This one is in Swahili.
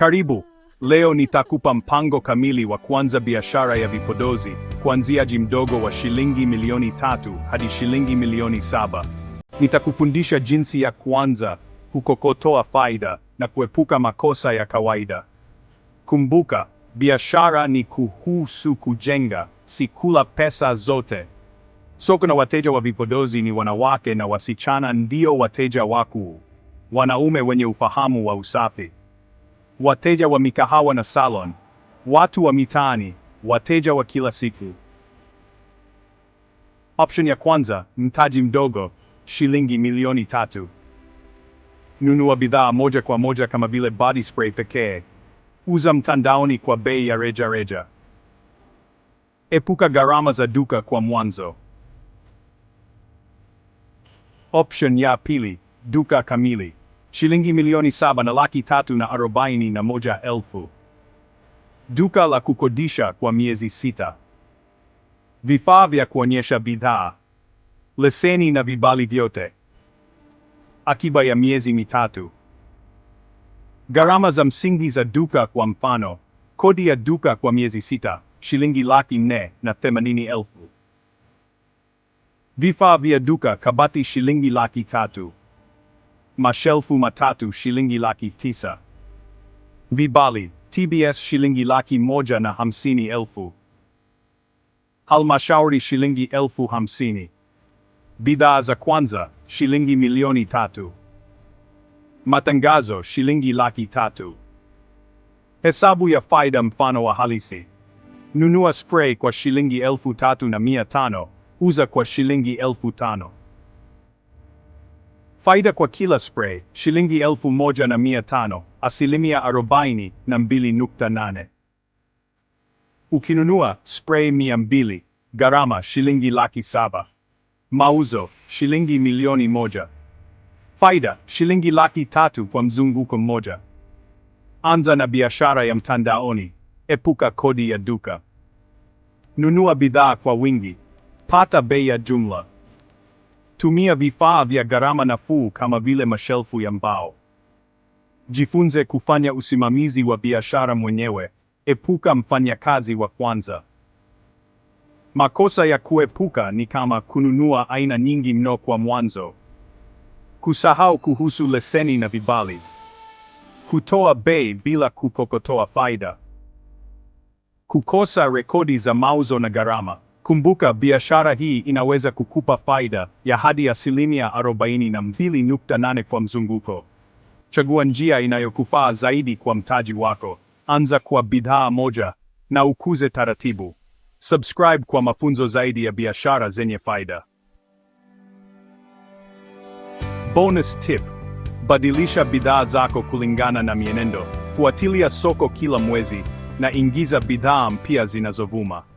Karibu. Leo nitakupa mpango kamili wa kuanza biashara ya vipodozi kuanzia mdogo wa shilingi milioni tatu hadi shilingi milioni saba. Nitakufundisha jinsi ya kuanza, kukokotoa faida na kuepuka makosa ya kawaida. Kumbuka, biashara ni kuhusu kujenga, si kula pesa zote. Soko na wateja wa vipodozi ni wanawake na wasichana, ndio wateja wakuu. Wanaume wenye ufahamu wa usafi wateja wa mikahawa na salon, watu wa mitaani, wateja wa kila siku. Option ya kwanza, mtaji mdogo, shilingi milioni tatu. Nunua bidhaa moja kwa moja kama vile body spray pekee. Uza mtandaoni kwa bei ya reja reja. Epuka gharama za duka kwa mwanzo. Option ya pili, duka kamili shilingi milioni saba na laki tatu na arobaini na moja elfu. Duka la kukodisha kwa miezi sita. Vifaa vya kuonyesha bidhaa, leseni na vibali vyote. Akiba ya miezi mitatu. Gharama za msingi za duka, kwa mfano, kodi ya duka kwa miezi sita shilingi laki nne na themanini elfu. Vifaa vya duka, kabati shilingi laki tatu mashelfu matatu shilingi laki tisa. Vibali TBS shilingi laki moja na hamsini elfu. Halmashauri shilingi elfu hamsini. Bidhaa za kwanza shilingi milioni tatu. Matangazo shilingi laki tatu. Hesabu ya faida mfano wa halisi. Nunua spray kwa shilingi elfu tatu na mia tano, uza kwa shilingi elfu tano. Faida kwa kila spray shilingi elfu moja na mia tano, asilimia arobaini na mbili nukta nane. Ukinunua spray mia mbili, gharama shilingi laki saba. Mauzo shilingi milioni moja. Faida shilingi laki tatu kwa mzunguko mmoja. Anza na biashara ya mtandaoni, epuka kodi ya duka. Nunua bidhaa kwa wingi, pata bei ya jumla. Tumia vifaa vya gharama nafuu kama vile mashelfu ya mbao. Jifunze kufanya usimamizi wa biashara mwenyewe. Epuka mfanyakazi wa kwanza. Makosa ya kuepuka ni kama kununua aina nyingi mno kwa mwanzo, kusahau kuhusu leseni na vibali, kutoa bei bila kukokotoa faida, kukosa rekodi za mauzo na gharama. Kumbuka biashara hii inaweza kukupa faida ya hadi asilimia arobaini na mbili nukta nane kwa mzunguko. Chagua njia inayokufaa zaidi kwa mtaji wako. Anza kwa bidhaa moja na ukuze taratibu. Subscribe kwa mafunzo zaidi ya biashara zenye faida. Bonus tip: badilisha bidhaa zako kulingana na mienendo. Fuatilia soko kila mwezi na ingiza bidhaa mpya zinazovuma.